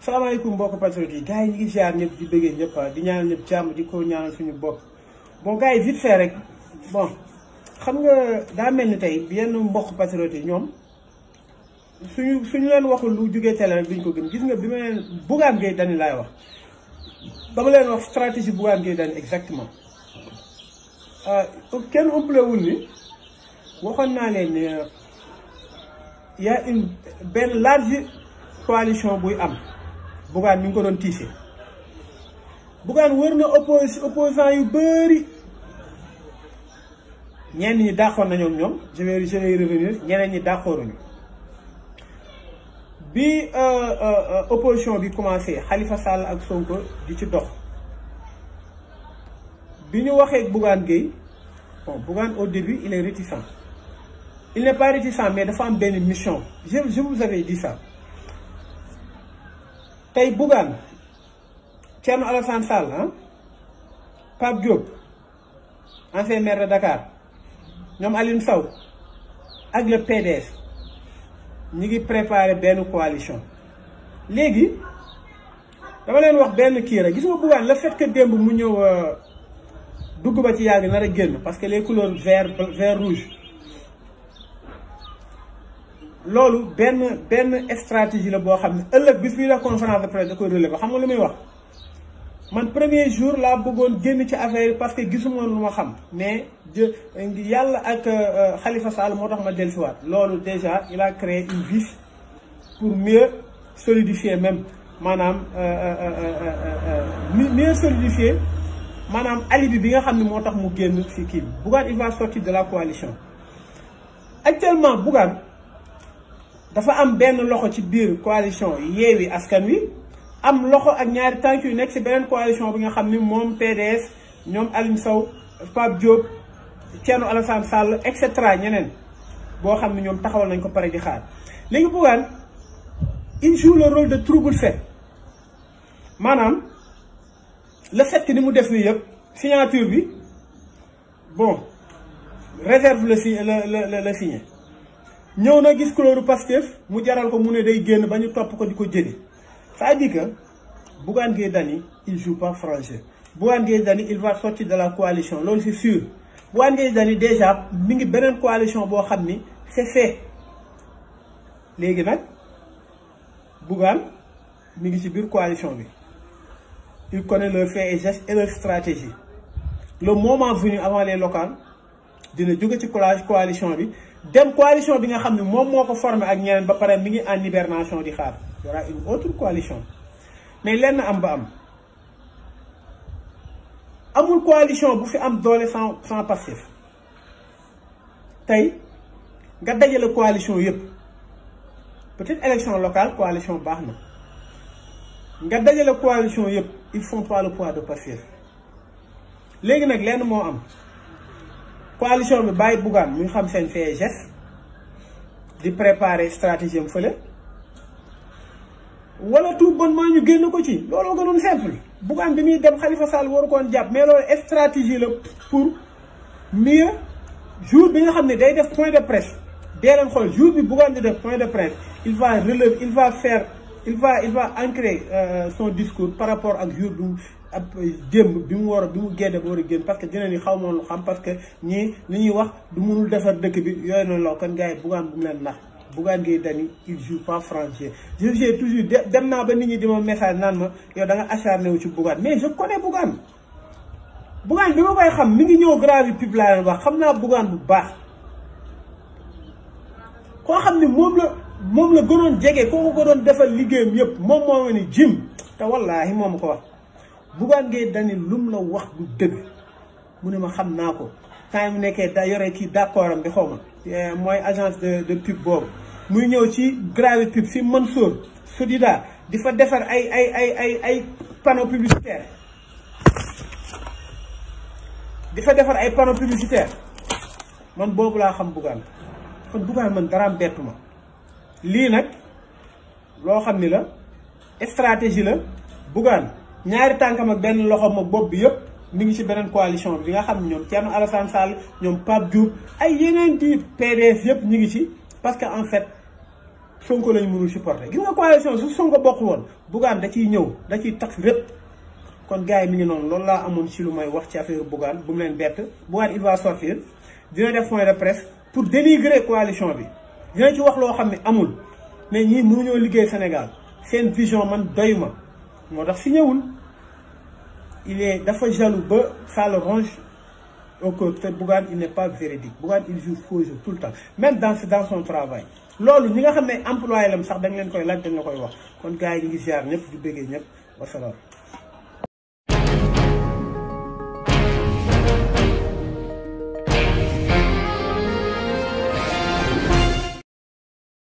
salaamaaleykum mbokk patriote yi gaa yi ñu ngi ziar ñëpp di bëggee ñëpp ah, di ñaanal ñëpp jàmm di ko ñaanal suñu bopp bon gaa yi vite fait rek bon xam nga daa mel ni tey yenn mbokk patriote yi ñoom suñu suñu leen waxul lu jugee télé rek duñ ko gën gis nga bi ma leen Bougane Gueye Dany laay wax dama leen wax stratégie Bougane Gueye Dany exactement ah, kenn ëmplewul ni waxoon naa leen ne euh, y a une benn large coalition buy am Bougane mi ngi ko doon tiisee Bougane wër na oppos opposant yu bëri ñenn ñi dàqoon na ñoom ñoom je vais je vais revenir ñeneen ñi dàqooruñu bi euh, euh, opposition bi commencé Khalifa Sall ak Sonko di ci dox bi ñu waxee ak Bougane Gueye bon Bougane au début il est réticent il n'est pas réticent mais dafa am benn mission je je vous avais dit tey Bougane Thierno Alassane Sall ah Pape Diop ancien de Dakar ñoom Alioune saw ak le PDS ñi ngi préparé benn coalition léegi dama leen wax benn kii rek gis nga Bougane le fait que démb mu ñëw euh, dugg ba ci yàgg na a génn parce que les couleurs vert vert rouge loolu benn benn stratégie la boo xam ne ëllëg bis muy def conférence de presse da koy relever xam nga lu may wax man premier jour laa bëggoon génn ci affaire parce que gisuma lu ma xam mais jë yàlla ak euh, Khalifa Sall moo tax ma dellusiwaat loolu déjà il laa créé une vis pour mieux solidifier même maanaam euh, euh, mieux solidifier maanaam alibi bi nga xam ne moo tax mu génn ci kii bi Bougane il va sortir de la coalition actuellement Bougane dafa am benn loxo ci biir coalition Yewwi Askan Wi am loxo ak ñaari tànk yu nekk ci beneen coalition bi nga xam ni moom PDS ñoom Alioune Sow Pape Diop Thierno Alassane Sall et cetera ñeneen boo xam ne ñoom taxawal nañ ko pare di xaar léegi Bougane il joue le rôle de trouble-fête maanaam le fait ni mu def nii yëpp signature bi bon réserve la si la la la signé ñëw na gis couleur Pastef mu jaral ko mu ne day génn ba ñu topp ko di ko jëli c'est-à-dire que Bougane Gueye Dany il joue pas franc jeu Bougane Gueye il va sortir de la coalition loolu c'est sûr Bougane Gueye Dany déjà mi ngi beneen coalition boo xam ni c'est fait léegi nag Bougane mi ngi ci biir coalition bi il connaît le faits et gestes et leur stratégie le moment avant les locales dina jóge ci collage coalition bi dem coalition bi nga xam ne moom moo ko formé ak ñeneen ba pare mu ngi en hibernation di xaar y aura une autre coalition mais lenn am ba am amul coalition bu fi am doole sans sans passif tey nga dajale coalition yëpp peut-être élection locale coalition baax na nga dajale coalition yëpp ils font pas le poids de passif léegi nag lenn moo am. coalition bi bàyyi Bougane mu ngi xam seen fee geste di préparer stratégie am fële wala tout bonnement ñu génn ko ci looloo gënoon simple Bougane bi muy dem Khalifa Sall waru koon jàpp mais loolu stratégie la pour mieux jour bi nga xam ne day def point de presse dee leen xool jour bi Bougane di def point de presse il va relever il va faire il va il va ancrer euh, son discours par rapport ak jour bi ab démb bi mu war a bi mu génne ba war a génn parce que dina ni xaw ma lu xam parce que ñii ni ñuy wax du mënul defar dëkk bi yooyu noonu la kon gars yi bugaan bu mu leen nax bugaan ngay dani il joue pas français je dem naa ba nit ñi di ma message naan ma yow da nga acharné wu ci bugaan mais je connais bugaan bugaan bi ma koy xam mi ngi ñëw gravi pub laa wax xam naa buggaan bu baax koo xam ni moom la moom la gënoon jege koo ko doon defal liggéeyam yëpp moom moo ma ni Bougane Gueye Dany lum la wax du dëgg mu ne ma xam naa ko temps mu nekkee da yore kii d'accord am bi xaw ma eh, mooy agence de de pub boobu muy ñëw ci Gravi pub si Mansour Sodida di fa defar ay ay ay ay ay panneau publicitaire di fa defar ay panneau publicitaire man boobu laa xam Bougane kon Bougane man daraam bett ma lii nag loo xam ni la stratégie la Bougane ñaari tànkam ak benn loxo ak bopp bi yëpp mi ngi ci beneen coalition bi nga xam ne ñoom Thierno Alassane Sall ñoom Pape Diop ay yeneen ci PDS yëpp ñu ngi ci parce que en fait Sonko lañ mënul supporter gis nga coalition su Sonko bokk woon Bougane da ciy ñëw da ciy tax rëpp kon gars yi mi ngi noonu loolu laa amoon ci lu may wax ci affaire Bougane bu mu leen bett Bougane il va sortir dina def point de presse pour dénigrer coalition bi dina ci wax loo xam ne amul mais ñii mënuñoo liggéey Sénégal seen vision man doy moo tax si ñëwul il est dafa jaloux ba ça le ronge au cœur te Bougane il n'est pas véridique Bougane il joue faux tout le temps même dans dans son travail loolu ñi nga xam ne employé lam sax dañ leen koy laaj dañ la koy wax kon gars yi ñu ngi ziar ñëpp di bëggee ñëpp wasalaam